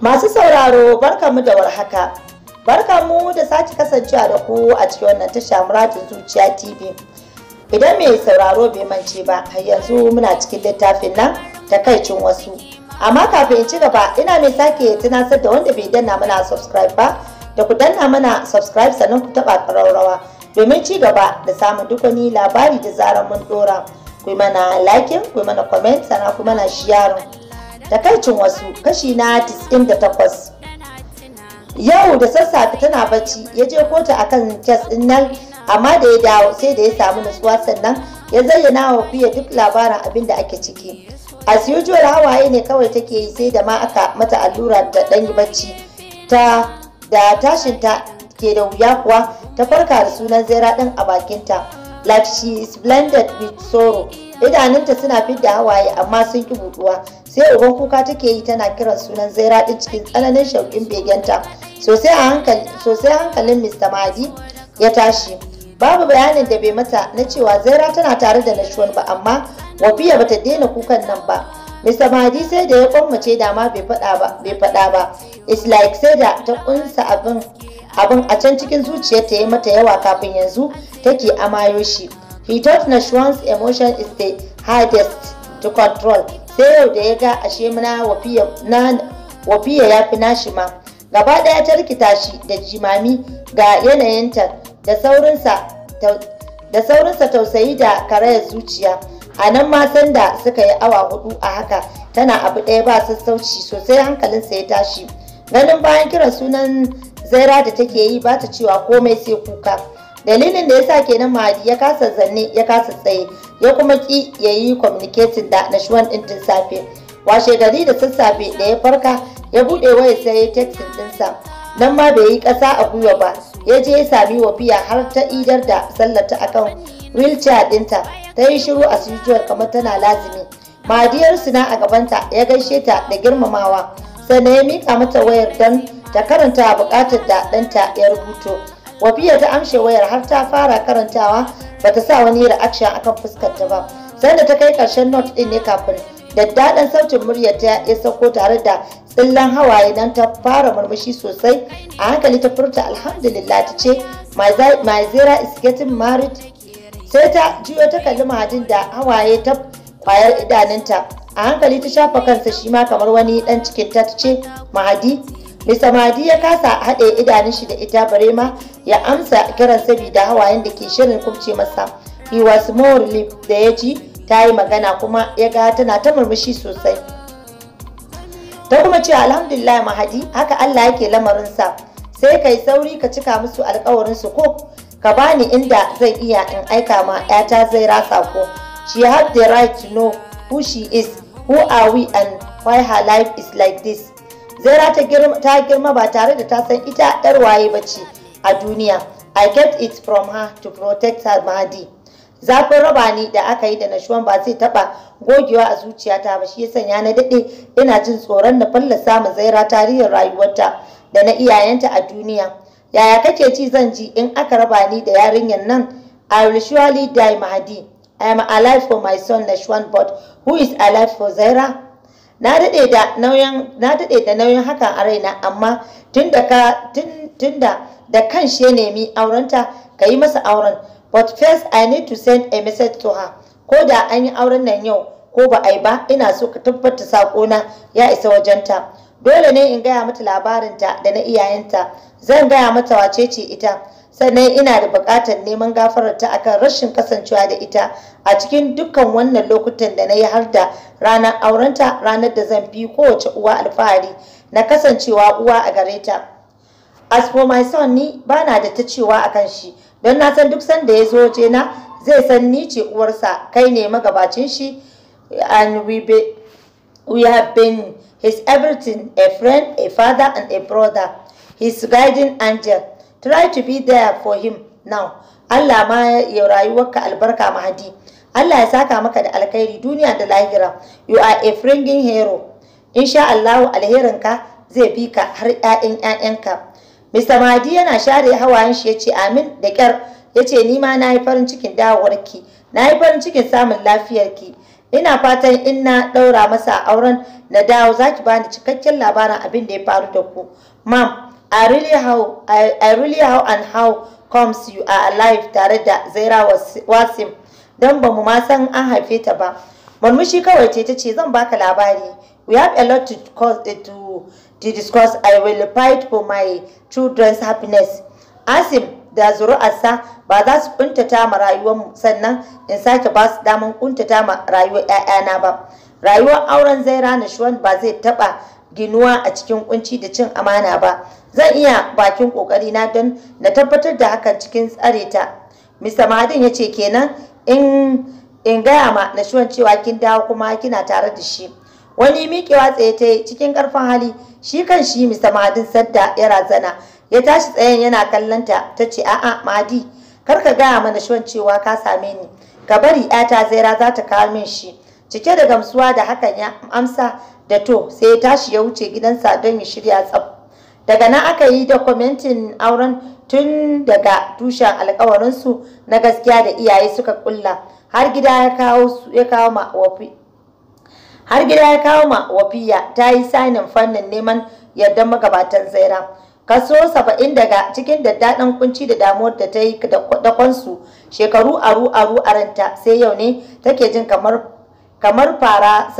Masu sauraro barkamu da warhaka. Barkamu da sake kasancewa da ku a cikin wannan tasha muradin zuciya TV. Idan mai sauraro bai mance ba, har yanzu muna cikin littafin nan takaicin wasu. Amma kafin in ci gaba, ina mai sake tunasar da wanda bai danna mana subscribe ba, da ku danna mana subscribe sannan ku taba ƙararrawa domin ci gaba da samun duk wani labari da zarar mun dora. Ku mana liking, ku mana comment, sannan ku mana sharing. takaicin wasu kashi na 98 yau da sassafe tana bacci ya je kotu akan kes din nan amma da ya dawo sai da ya samu nutsuwa sannan ya zayyana wa fiye duk labarin abin da ake ciki as usual hawaye ne kawai take yi sai da ma aka mata allura da ɗanyi bacci ta da tashinta ke da wuya kuwa ta farka da sunan zaira din a bakinta like she is blended with sorrow idanunta suna fidda hawaye amma sun ki buɗuwa sai uban kuka take yi tana kiran sunan zaira din cikin tsananin shauƙin begenta sosai hankalin mr mahadi ya tashi babu bayanin da bai mata na cewa zaira tana tare da nashuwar ba amma wafiya bata daina kukan nan ba mr mahadi sai da ya kwammace dama bai faɗa ba it's like sai da ta kunsa abin a can cikin ta yi mata yawa kafin yanzu take amayo shi he thought nashuwar's emotion is the hardest to control sai yau da ya ga ashe na wafiya ya fi nashi ma gaba ɗaya ta rikita shi da jimami ga yanayinta da saurinsa tausayi da karayar zuciya a nan ma da suka yi awa hudu a haka tana abu ɗaya ba sassauci sosai hankalinsa ya tashi ganin bayan kiran sunan zaira da take yi ba ta cewa komai sai kuka dalilin da ya sa kenan mahadi ya kasa zanne ya kasa tsaye ya kuma ki ya yi communicating da nashwan ɗin tun safe washe gari da sassafe da ya farka ya buɗe waya sai ya ɗinsa nan ma bai yi ƙasa a gwiwa ba ya je ya sami wafiya har ta idar da sallata akan wheelchair ɗinta ta yi shiru a sujiyar kamar tana lazimi Mahadiyar suna a gabanta ya gaishe ta da girmamawa sannan ya mika mata wayar don ta karanta buƙatar da ɗanta ya rubuto wafiya ta amshe wayar har ta fara karantawa bata sa wani reaction akan fuskar ta ba sanda ta kai karshen not din ne kafin daddaɗan sautin muryar ta ya sauko tare da tsillan hawaye nan ta fara murmushi sosai a hankali ta furta alhamdulillah ta ce my zera is getting married sai ta juyo ta kalli mahajin da hawaye ta kwayar idanunta a hankali ta shafa kansa shi ma kamar wani dan cikin ta ce mahadi Mista Madi ya kasa haɗe idanun shi da ita barema ya amsa kiran sabida hawayen da ke shirin kubce masa. He was more relieved da ya ji ta yi magana kuma ya ga tana ta murmushi sosai. Ta kuma ce alhamdulillah mahadi haka Allah yake sa sai kai sauri ka cika musu su ko ka bani inda zai iya in aika ma 'yata zai rasa ko. She have the right to know who she is, who are we and why her life is like this. Zaira ta girma ba tare da ta san ita ‘yar waye ba ce a duniya. I get it from her to protect her body. Zafin raba ni da aka yi da nashuwan ba zai taɓa gogewa a zuciyata ba shi ya sanya na daɗe ina jin tsoron na fallasa ma Zaira tarihin rayuwarta da na iyayenta a duniya. Yaya kake ci zan ji in aka raba ni da yarinyar nan? I will surely die Mahadi. I am alive for my son Nashwan but who is alive for Zaira? na daɗe da nauyin hakan a raina amma tunda da kan shi ya nemi aurenta ka yi masa auren but first i need to send a message to her ko da an yi auren nan yau ko ba a yi ba ina so ka tabbata saƙona ya isa wajenta dole ne in gaya mata labarinta da na iyayenta zan gaya mata wacece ita sannan ina da buƙatar neman gafarar ta akan rashin kasancewa da ita a cikin dukkan wannan lokutan da na yi har da ranar aurenta ranar da zan fi kowace uwa alfahari na kasancewa uwa a gare ta as for my son ni ba na da ta cewa akan shi don na san duk sanda ya zo je na zai san ni ce uwarsa kai ne magabacin shi and we, be, we have been his everything a friend a father and a brother his guiding angel try to be there for him now Allah ma ya rayuwarka albarka mahadi Allah ya saka maka da alkhairi duniya da lahira you are a in hero insha Allah alherinka zai bi ka har ƴaƴan ƴaƴanka Mr. Mahadi yana share hawayen shi yace amin da kyar. yace ni ma nayi farin cikin dawowarki nayi farin cikin samun lafiyarki ina fatan in na daura masa auren na dawo zaki bani cikakken labarin abin da ya faru da ku mam I really how I, I really how and how comes you are alive tare da Zaira Wasim dan ba mu ma san an haife ta ba murmushi kawai ce ta ce zan baka labari we have a lot to eh, to, to discuss I will fight for my children's happiness Asim da zuru'arsa ba za su kuntata ma rayuwar mu sannan in sake ba su daman kuntata ma rayuwar 'ya'yana ba rayuwar auren zaira nishuwan ba zai taba ginuwa a cikin kunci da cin amana ba zan iya bakin kokari na don na tabbatar da hakan cikin tsare ta Mr. Mahadin ya ce kenan in in gaya ma na shiwon cewa kin dawo kuma kina tare da shi wani miƙewa tsaye ta cikin karfin hali shi kan shi Mr. Mahadin sadda ya razana ya tashi tsayen yana kallonta ta ce a'a Mahadi kar ka gaya mana shiwon cewa ka same ni ka bari 'yata zaira za ta kawo min shi cike da gamsuwa da hakan ya amsa da to sai ya tashi ya wuce gidansa don ya shirya tsab. daga nan aka yi dokumentin auren tun daga tushen alkawarinsu na gaskiya da iyaye suka kulla har gida ya kawo ya kawo ma wafi ya wafiya ta yi sanin fannin neman yardar magabatan zaira kaso saba'in daga cikin daddaɗin kunci da damuwar da ta yi da kwansu shekaru aru aru a ranta sai yau ne take jin kamar kamar fara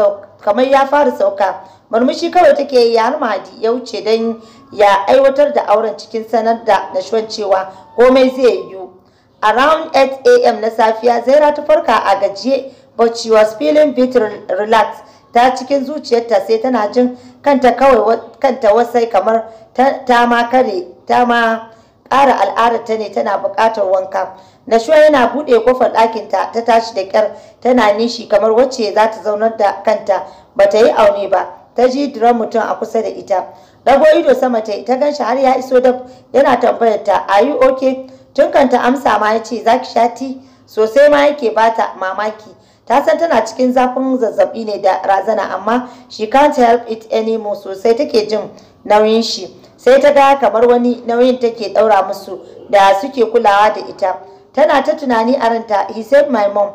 kamar ya fara sauka murmushi kawai take yi har mahadi ya wuce dan ya aiwatar da auren cikin sanar da nashwan cewa komai zai yiwu around 8 a.m. na safiya zaira ta farka a gajiye but she was feeling bit relaxed ta cikin zuciyarta sai tana jin kanta kawai kanta wasai kamar ta ma kare ta ma ƙara ta ne tana buƙatar wanka Nashwa yana bude kofar ɗakin ta ta tashi da kyar tana nishi kamar wacce za ta zaunar da kanta bata yi aune ba ta ji diran mutum a kusa da ita. dago ido sama ta ta ganshi har ya iso dab yana tambayar ta are you okay? Tun kanta amsa ma yace zaki shati sosai ma yake bata mamaki. ta san tana cikin zafin zazzabi ne da razana amma she can't help it anymore sosai take jin nauyin shi sai ta ga kamar wani nauyin take daura musu da suke kulawa da ita tana ta tunani a ranta he said my mom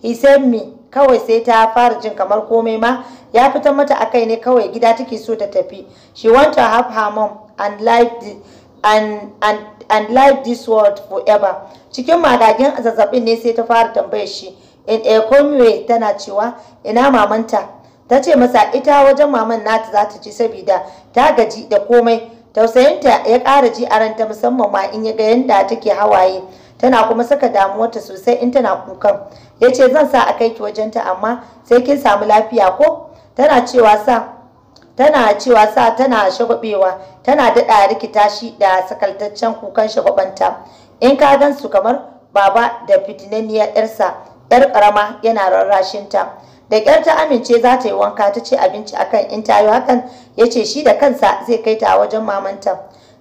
he said me kawai sai ta fara jin kamar komai ma ya fitar mata akai ne kawai gida take so ta tafi she want to have her mom and like the, and and and like this world forever cikin magagin zazzabin ne sai ta fara tambayar shi in economy tana cewa ina mamanta ta ce masa ita wajen maman nata za ta ci saboda ta gaji da komai tausayinta ya ƙara ji a ranta musamman ma in ya ga yadda take hawaye tana kuma saka damuwarta sosai in tana kukan ya ce zan sa a kai ki wajenta amma sai kin samu lafiya ko tana cewa sa tana cewa sa tana shagwabewa tana daɗa rikita shi da sakaltaccen kukan shagwabanta in ka gan kamar baba da fitinanniyar yarsa yar karama yana ta. da ƙyar ta amince za ta yi wanka ta ce abinci akan in tayo hakan ya ce shi da kansa zai kai ta wajen mamanta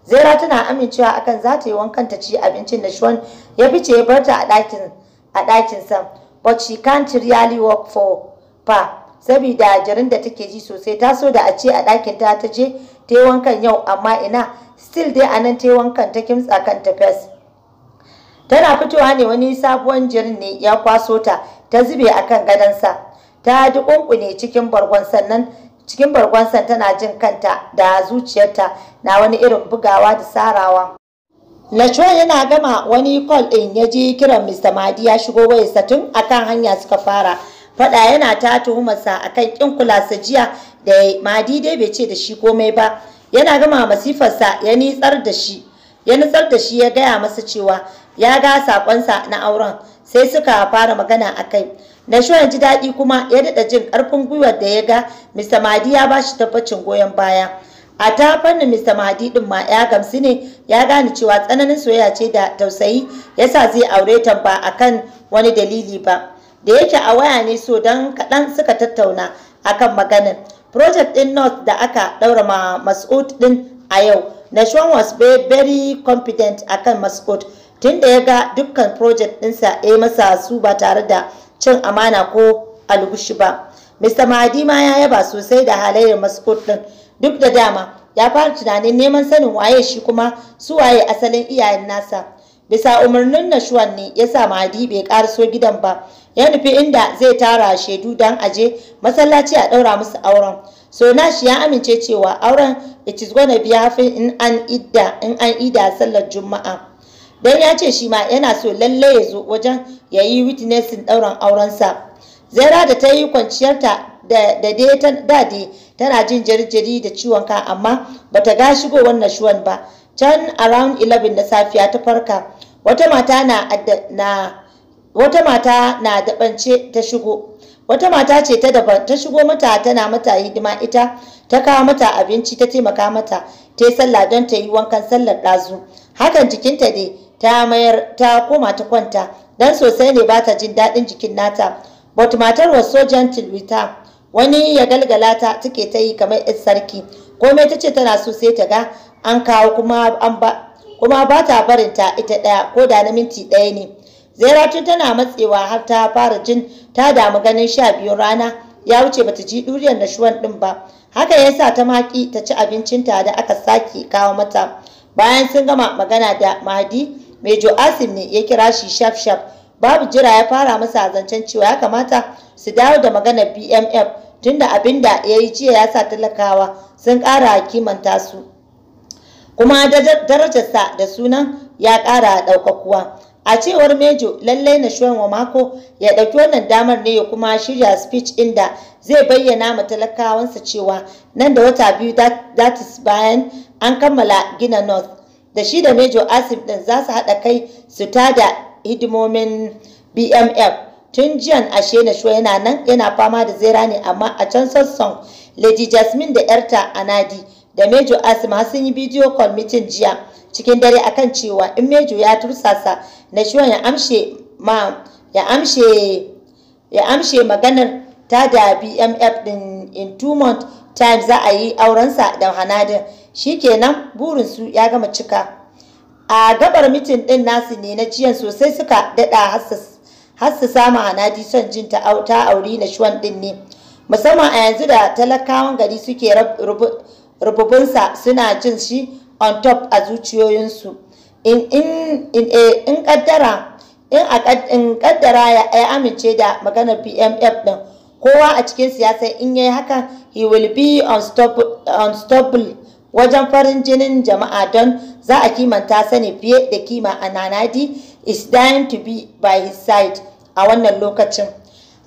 zaira tana amincewa akan za ta yi wankan ta ci abincin da Shawn ya fice ya bar ta a ɗakin a ɗakin sa but she can't really work for pa saboda jarin da take ji sosai ta so da a ce a ɗakin ta ta je ta yi wankan yau amma ina still dai anan ta yi wankan ta kimtsa kan ta fes tana fitowa ne wani sabuwan jirin ne ya kwaso ta ta zube akan gadonsa ta dukunkune cikin bargon sannan cikin barkwansan tana jin kanta da zuciyarta na wani irin bugawa da sarawa Lachwan yana gama wani call ɗin ya ji kiran Mr. Madi ya shigo wayarsa tun akan hanya suka fara. Fada yana ta tuhumarsa akan kin kula jiya da Madi dai bai ce da shi komai ba. Yana gama masifarsa ya nitsar da shi. Ya nitsar da shi ya gaya masa cewa ya ga saƙonsa na auren sai suka fara magana akai. Na ya ji daɗi kuma ya daɗa jin ƙarfin gwiwar da ya ga Mr. madi ya ba shi tabbacin goyon baya. A ta fannin Mr. madi ɗin ma ya gamsu ne ya gane cewa tsananin soyayya ce da tausayi ya sa zai aure ta ba a kan wani dalili ba. Da yake a waya ne so don kaɗan suka tattauna a kan maganin. Project ɗin North da aka ɗaura ma Mas'ud ɗin a yau. Nashwan was very confident a kan Mas'ud tun da ya ga dukkan project ɗinsa ya masa su ba tare da cin amana ko algushi ba mr mahadi ma ya yaba sosai da halayyar maskot ɗin. duk da dama ya fara tunanin neman sanin waye shi kuma su waye asalin iyayen nasa bisa umarnin nashuwan ne ya sa mahadi bai ƙaraso gidan ba ya nufi inda zai tara shaidu don aje masallaci a ɗaura musu auren so na shi ya amince cewa auren it is gonna be in an ida in an ida sallar juma'a don ya ce shi ma yana so lalle ya zo wajen ya yi witnessin ɗauran aurensa zaira da ta yi kwanciyarta da dai dade tana jin jarjiri da ciwon ka amma bata ga shigo wannan shuwan ba can around 11 na safiya ta farka wata mata na na wata mata na dabance ta shigo wata mata ce ta daban ta shigo mata tana mata hidima ita ta kawo mata abinci ta taimaka mata ta yi sallah don ta yi wankan sallar ɗazu hakan jikinta dai ta mayar ta koma ta kwanta dan sosai ne ba ta jin daɗin jikin nata but matar was so gentle with wani ya galgala ta take ta yi kamar yan sarki komai ta ce tana so sai ta ga an kawo kuma an ba ta barin ta ita ɗaya ko da na minti ɗaya ne zairatu tana matsewa har ta fara jin ta damu ganin sha biyu rana ya wuce bata ji duriyar nashuwan ɗin ba haka ya sa ta maki ta ci abincinta da aka sake kawo mata bayan sun gama magana da mahadi Mejo Asim ne ya kira shi shaf shaf babu jira ya fara masa zancen cewa ya kamata su dawo da magana BMF tunda abin da ya yi jiya ya sa talakawa sun ƙara kimanta su. Kuma darajarsa da sunan ya ƙara ɗaukakuwa. A cewar Mejo lallai na shuwan wa mako ya ɗauki wannan damar ne ya kuma shirya speech inda zai bayyana ma talakawansa cewa nan da wata biyu that bayan an kammala gina North. da shi da Mejo Asif din za su haɗa kai su tada hidimomin BMF tun jiyan ashe na shuwa yana nan yana fama da zera ne amma a can sassan lady jasmine da yarta anadi da mejo har sun yi bidiyo call meeting jiya cikin dare a kan cewa in mejo ya tursasa na shuwa ya amshe ya amshe maganar ta da bmf din in two month time za a yi aurensa da hanadin shikenan su ya gama cika a gabar mitin din nasu ne na ciyan sosai suka daɗa hassasa ma hanadi son jin ta auri na shuwan din ne musamman a yanzu da talakawan gari suke rububunsa suna jin shi on top a zuciyoyinsu in kaddara in kaddara eh, ya amince da maganar pmf din kowa a cikin siyasa in yi hakan he will be unstoppable wajen farin jinin jama'a don za a kimanta sani fiye da kima a nanadi is dying to be by his side a wannan lokacin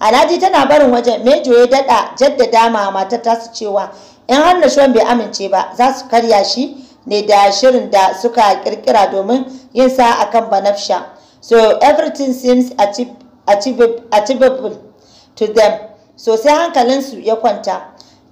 Anadi tana barin wajen mejo ya dada jaddada ma matar tasu cewa in har nashuwan bai amince ba za su karya shi ne da shirin da suka kirkira domin yin sa akan banafsha so everything seems achievable to them sosai hankalinsu ya kwanta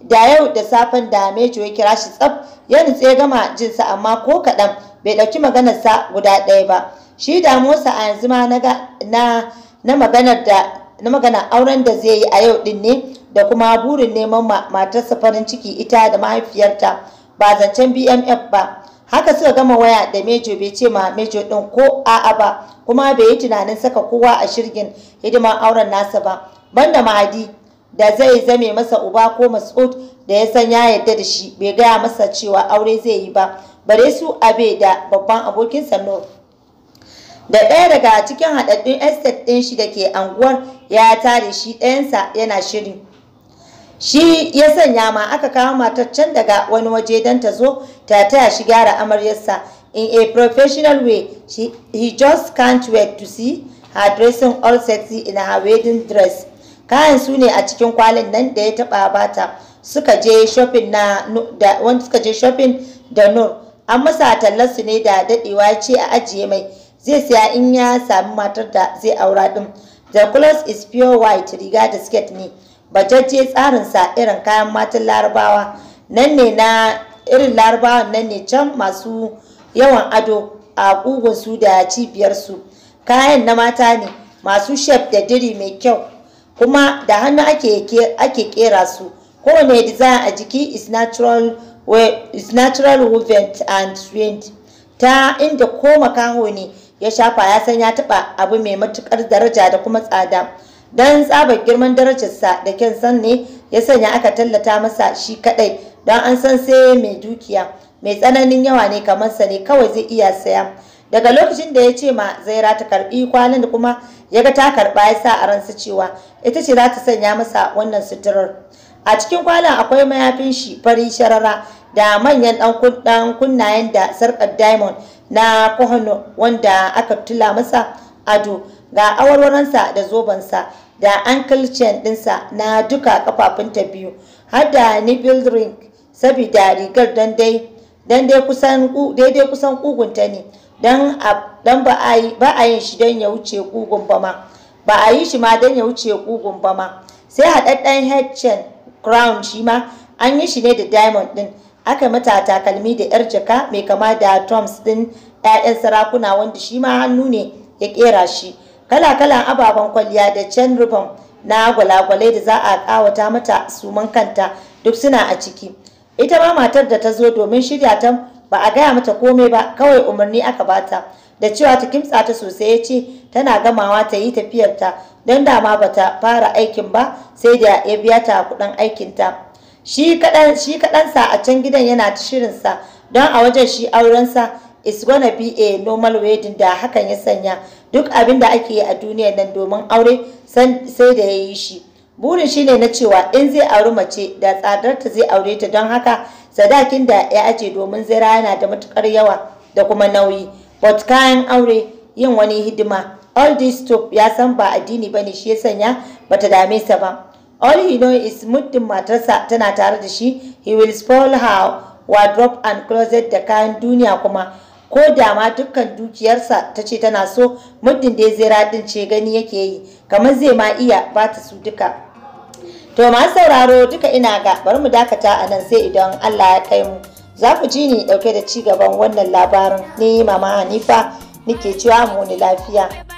da yau da safen da mejo ya kira shi tsaf ya nutse gama jinsa amma ko kaɗan bai ɗauki sa guda ɗaya ba shi da Musa a yanzu ma na na maganar da na magana auren da zai yi a yau din ne da kuma burin neman matarsa farin ciki ita da mahaifiyarta ba zancen bmf ba haka suka gama waya da mejo bai ce ma mejo din ko a'a ba kuma bai yi tunanin saka kowa a shirgin hidimar auren nasa ba banda mahadi da zai zame masa uba ko mas'ud da ya san ya yarda da shi bai gaya masa cewa aure zai yi ba bare su abe da babban abokinsa no. da ɗaya daga cikin haɗaɗɗun estate ɗin shi da ke anguwar ya tare shi ɗayansa yana shiri shi ya sanya ma aka kawo matar can daga wani waje don ta zo ta taya shi gyara amaryarsa in a professional way he just can't wait to see her dressing all sexy in her wedding dress kayan su ne a cikin kwalin nan da ya taba bata suka je shopping da wanda suka je shopping da Nur an masa tallar su ne da dadewa ce a ajiye mai zai siya in ya sami matar da zai aura din the clothes is pure white riga da skirt ne bajajje tsarin sa irin kayan matan larabawa nan ne na irin Larabawa nan ne can masu yawan ado a kugun su da cibiyar su kayan na mata ne masu shef da diri mai kyau kuma da hannu ake kera su kowane design a jiki is natural movement and wind ta inda ko makaho ne ya shafa ya san ya taba abu mai matukar daraja da kuma tsada don tsabar girman darajarsa da kyan san ne ya sanya aka tallata masa shi kadai don an san sai mai dukiya mai tsananin yawa ne kamar sa ne kawai zai iya saya daga lokacin da ya ce ma zaira ta karbi kwalin da kuma ya ga ta karba ya sa a ransa cewa ita ce za ta sanya masa wannan suturar a cikin kwalin akwai mayafin shi fari sharara da manyan dan kunnayen da sarkar diamond na kohono wanda aka tula masa ado ga awarwaransa da zobansa da ankle chain dinsa na duka kafafunta biyu har da nipple ring sabida rigar dan dai kusan daidai kusan kugunta ne dan ba a yin shi don ya wuce ƙugun ba ma ba a yi shi ma don ya wuce ƙugun ba ma sai haɗaɗɗen headchain crown shi ma an yi shi ne da diamond ɗin aka mata takalmi da yar jaka mai kama da toms ɗin 'ya'yan sarakuna wanda shi ma hannu ne ya ƙera shi kala-kalan ababen kwalliya da chain ribbon na gwalagwalai da za a ƙawata mata suman kanta duk suna a ciki ita ma matar da ta zo domin shirya ta ba a gaya mata komai ba kawai umarni aka bata da cewa ta kimtsa ta sosai ya ce tana gamawa ta yi tafiyarta don dama ba ta fara aikin ba sai da ya biya ta kuɗin aikinta shi kaɗansa a can gidan yana ta shirinsa don a wajen shi aurensa is gonna be a normal wedding da hakan ya sanya duk abin da ake yi a duniyar nan domin aure sai da ya yi shi burin shi ne na cewa in zai auri mace da tsadarta zai aure ta don haka sadakin da ya aje domin zira yana da matukar yawa da kuma nauyi but kayan aure yin wani hidima all this stuff ya san ba addini bane shi ya sanya bata dame sa ba all he know is muddin matarsa tana tare da shi he will spoil her wardrobe and closet da kayan duniya kuma ko da ma dukkan dukiyarsa ta ce tana so muddin da ya zira din ce gani yake yi kamar zai ma iya bata su duka To masu sauraro duka ina ga bari mu dakata a nan sai idan Allah ya kai mu. Za ku ji ni dauke da ci gaban wannan labarin ni mama Hanifa nike cewa mu ni lafiya.